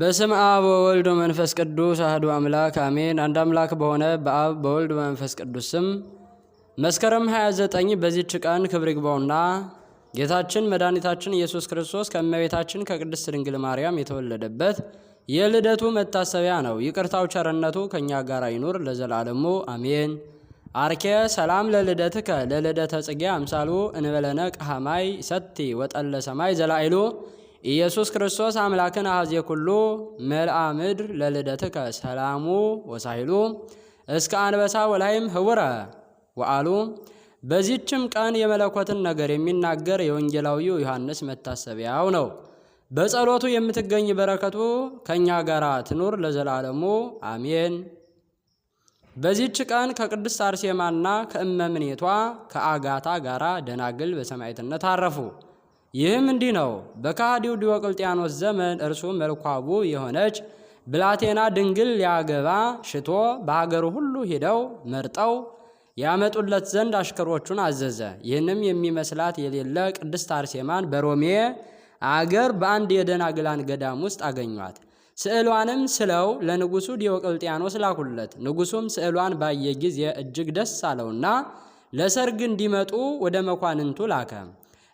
በስም አብ ወወልድ ወመንፈስ ቅዱስ አህዱ አምላክ አሜን። አንድ አምላክ በሆነ በአብ በወልድ በመንፈስ ቅዱስ ስም መስከረም 29 በዚች ቀን ክብር ይግባውና ጌታችን መድኃኒታችን ኢየሱስ ክርስቶስ ከእመቤታችን ከቅድስት ድንግል ማርያም የተወለደበት የልደቱ መታሰቢያ ነው። ይቅርታው ቸርነቱ ከእኛ ጋር ይኑር ለዘላለሙ አሜን። አርኬ ሰላም ለልደትከ ለልደተ ጽጌ አምሳሉ እንበለነ ቀሃማይ ሰቲ ወጠለ ሰማይ ዘላይሉ ኢየሱስ ክርስቶስ አምላክን አኀዜ ኩሉ መልአ ምድር ለልደትከ ሰላሙ ወሳይሉ እስከ አንበሳ ወላይም ህውረ ወአሉ። በዚህችም ቀን የመለኮትን ነገር የሚናገር የወንጌላዊው ዮሐንስ መታሰቢያው ነው። በጸሎቱ የምትገኝ በረከቱ ከእኛ ጋር ትኑር ለዘላለሙ አሜን። በዚህች ቀን ከቅድስት አርሴማና ከእመምኔቷ ከአጋታ ጋራ ደናግል በሰማዕትነት አረፉ። ይህም እንዲህ ነው። በካህዲው ዲዮቅልጥያኖስ ዘመን እርሱ መልኳቡ የሆነች ብላቴና ድንግል ሊያገባ ሽቶ በሀገሩ ሁሉ ሂደው መርጠው ያመጡለት ዘንድ አሽከሮቹን አዘዘ። ይህንም የሚመስላት የሌለ ቅድስት አርሴማን በሮሜ አገር በአንድ የደናግላን ገዳም ውስጥ አገኟት። ስዕሏንም ስለው ለንጉሱ ዲዮቅልጥያኖስ ላኩለት። ንጉሱም ስዕሏን ባየ ጊዜ እጅግ ደስ አለውና ለሰርግ እንዲመጡ ወደ መኳንንቱ ላከ።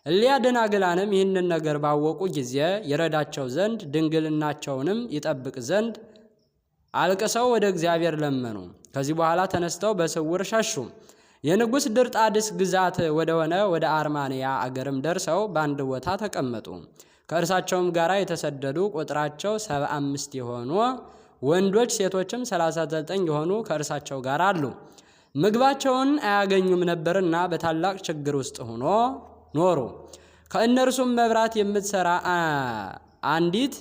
እሊያ ደናግላንም ይህንን ነገር ባወቁ ጊዜ ይረዳቸው ዘንድ ድንግልናቸውንም ይጠብቅ ዘንድ አልቅሰው ወደ እግዚአብሔር ለመኑ። ከዚህ በኋላ ተነስተው በስውር ሸሹ። የንጉሥ ድርጣድስ ግዛት ወደሆነ ወደ አርማንያ አገርም ደርሰው በአንድ ቦታ ተቀመጡ። ከእርሳቸውም ጋር የተሰደዱ ቁጥራቸው ሰባ አምስት የሆኑ ወንዶች ሴቶችም 39 የሆኑ ከእርሳቸው ጋር አሉ። ምግባቸውን አያገኙም ነበርና በታላቅ ችግር ውስጥ ሆኖ ኖሩ። ከእነርሱም መብራት የምትሰራ አንዲት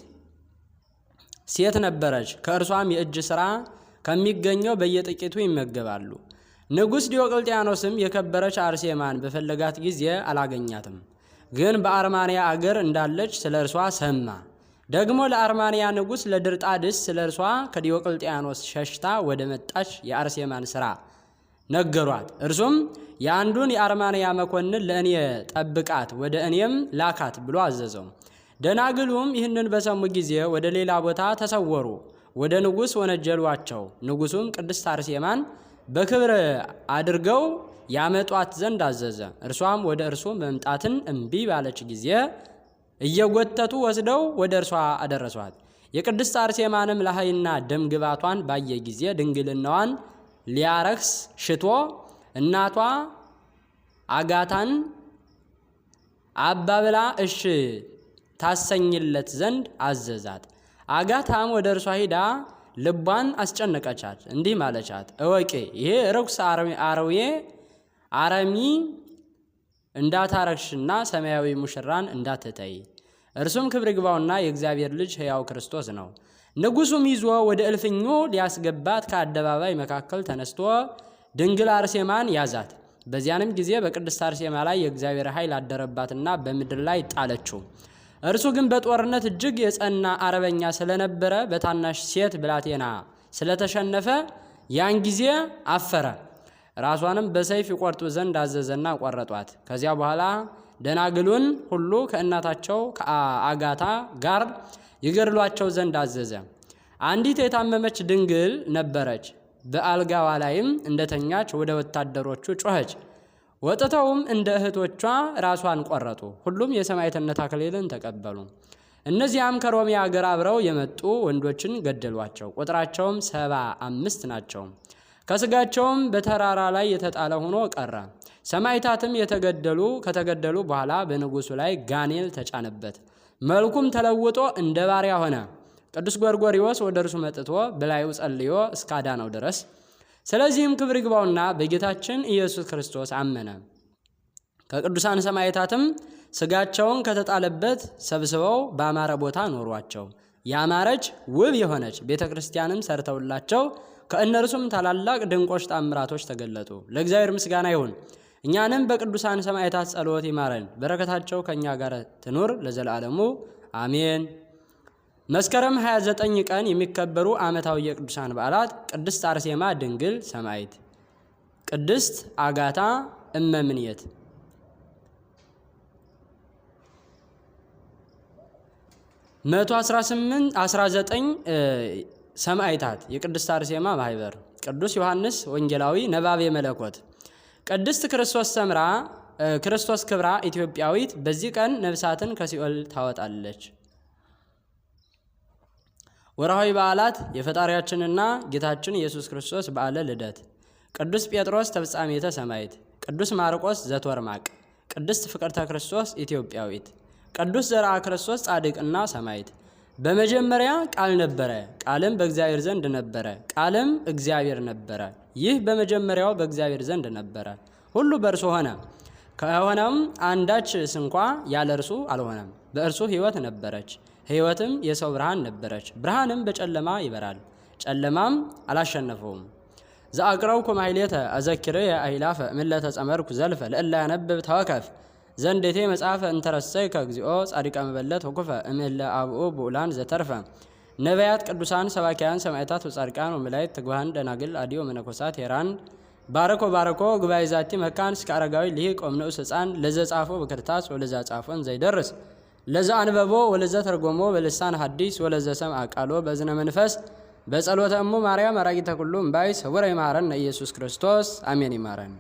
ሴት ነበረች። ከእርሷም የእጅ ሥራ ከሚገኘው በየጥቂቱ ይመገባሉ። ንጉሥ ዲዮቅልጥያኖስም የከበረች አርሴማን በፈለጋት ጊዜ አላገኛትም። ግን በአርማንያ አገር እንዳለች ስለ እርሷ ሰማ። ደግሞ ለአርማንያ ንጉሥ ለድርጣድስ ስለ እርሷ ከዲዮቅልጥያኖስ ሸሽታ ወደ መጣች የአርሴማን ሥራ ነገሯት። እርሱም የአንዱን የአርማንያ መኮንን ለእኔ ጠብቃት፣ ወደ እኔም ላካት ብሎ አዘዘው። ደናግሉም ይህንን በሰሙ ጊዜ ወደ ሌላ ቦታ ተሰወሩ፣ ወደ ንጉሥ ወነጀሏቸው። ንጉሡም ቅድስት አርሴማን በክብር አድርገው ያመጧት ዘንድ አዘዘ። እርሷም ወደ እርሱ መምጣትን እምቢ ባለች ጊዜ እየጎተቱ ወስደው ወደ እርሷ አደረሷት። የቅድስት አርሴማንም ላህይና ደም ግባቷን ባየ ጊዜ ድንግልናዋን ሊያረክስ ሽቶ እናቷ አጋታን አባብላ እሺ ታሰኝለት ዘንድ አዘዛት። አጋታም ወደ እርሷ ሂዳ ልቧን አስጨነቀቻት። እንዲህ ማለቻት፣ እወቂ ይሄ ርኩስ አረውዬ አረሚ እንዳታረክሽና ሰማያዊ ሙሽራን እንዳትተይ፣ እርሱም ክብር ግባውና የእግዚአብሔር ልጅ ሕያው ክርስቶስ ነው። ንጉሱም ይዞ ወደ እልፍኙ ሊያስገባት ከአደባባይ መካከል ተነስቶ ድንግል አርሴማን ያዛት። በዚያንም ጊዜ በቅድስት አርሴማ ላይ የእግዚአብሔር ኃይል አደረባትና በምድር ላይ ጣለችው። እርሱ ግን በጦርነት እጅግ የጸና አረበኛ ስለነበረ በታናሽ ሴት ብላቴና ስለተሸነፈ ያን ጊዜ አፈረ። ራሷንም በሰይፍ ይቆርጡ ዘንድ አዘዘና ቆረጧት። ከዚያ በኋላ ደናግሉን ሁሉ ከእናታቸው ከአጋታ ጋር ይገድሏቸው ዘንድ አዘዘ። አንዲት የታመመች ድንግል ነበረች። በአልጋዋ ላይም እንደተኛች ወደ ወታደሮቹ ጮኸች። ወጥተውም እንደ እህቶቿ ራሷን ቆረጡ። ሁሉም የሰማዕትነት አክሊልን ተቀበሉ። እነዚያም ከሮሚያ አገር አብረው የመጡ ወንዶችን ገደሏቸው። ቁጥራቸውም ሰባ አምስት ናቸው። ከስጋቸውም በተራራ ላይ የተጣለ ሆኖ ቀረ። ሰማዕታትም የተገደሉ ከተገደሉ በኋላ በንጉሱ ላይ ጋኔል ተጫነበት። መልኩም ተለውጦ እንደ ባሪያ ሆነ። ቅዱስ ጎርጎሪዎስ ወደ እርሱ መጥቶ በላዩ ጸልዮ እስካዳነው ድረስ ስለዚህም ክብር ይግባውና በጌታችን ኢየሱስ ክርስቶስ አመነ። ከቅዱሳን ሰማዕታትም ስጋቸውን ከተጣለበት ሰብስበው በአማረ ቦታ ኖሯቸው ያማረች ውብ የሆነች ቤተ ክርስቲያንም ሰርተውላቸው ከእነርሱም ታላላቅ ድንቆች ታምራቶች ተገለጡ። ለእግዚአብሔር ምስጋና ይሁን። እኛንም በቅዱሳን ሰማዕታት ጸሎት ይማረን፣ በረከታቸው ከእኛ ጋር ትኑር ለዘላለሙ አሜን። መስከረም 29 ቀን የሚከበሩ ዓመታዊ የቅዱሳን በዓላት ቅድስት አርሴማ ድንግል ሰማዕት፣ ቅድስት አጋታ እመምንየት፣ መቶ 19 ሰማዕታት የቅድስት አርሴማ ማህበር፣ ቅዱስ ዮሐንስ ወንጌላዊ ነባቤ መለኮት ቅድስት ክርስቶስ ሰምራ ክርስቶስ ክብራ ኢትዮጵያዊት በዚህ ቀን ነፍሳትን ከሲኦል ታወጣለች። ወርሃዊ በዓላት የፈጣሪያችንና ጌታችን ኢየሱስ ክርስቶስ በዓለ ልደት፣ ቅዱስ ጴጥሮስ ተፍጻሜተ ሰማይት ቅዱስ ማርቆስ ዘትወርማቅ፣ ቅድስት ፍቅርተ ክርስቶስ ኢትዮጵያዊት፣ ቅዱስ ዘርአ ክርስቶስ ጻድቅና ሰማይት በመጀመሪያ ቃል ነበረ፣ ቃልም በእግዚአብሔር ዘንድ ነበረ፣ ቃልም እግዚአብሔር ነበረ። ይህ በመጀመሪያው በእግዚአብሔር ዘንድ ነበረ። ሁሉ በእርሱ ሆነ፣ ከሆነም አንዳች ስንኳ ያለ እርሱ አልሆነም። በእርሱ ሕይወት ነበረች፣ ሕይወትም የሰው ብርሃን ነበረች። ብርሃንም በጨለማ ይበራል፣ ጨለማም አላሸነፈውም። ዘአቅረብኩ ማሕሌተ አዘኪሬ የአይላፈ ጸመርኩ ዘልፈ ለእላ ያነብብ ተወከፍ ዘንዴቴ መጽሐፈ እንተረሰይ ከግዚኦ ጻድቃ መበለት ወኩፈ እምህለ አብኡ ብኡላን ዘተርፈ ነቢያት፣ ቅዱሳን፣ ሰባኪያን፣ ሰማዕታት ወጻድቃን ወመላእክት፣ ትጉሃን፣ ደናግል፣ አዲዮ መነኮሳት፣ ሄራን ባረኮ ባረኮ ጉባኤ ዛቲ መካን እስከ አረጋዊ ልሂቅ ወምንዑስ ህፃን ለዘ ጻፎ በክርታስ ወለዛ ጻፎን ዘይደርስ ለዛ አንበቦ ወለዘ ተርጎሞ በልሳን ሐዲስ ወለዘ ሰምዐ ቃሎ በዝነ መንፈስ በጸሎተ እሙ ማርያም አራቂተ ኩሉ እምባይ ሰውረ ይማረን ኢየሱስ ክርስቶስ አሜን። ይማረን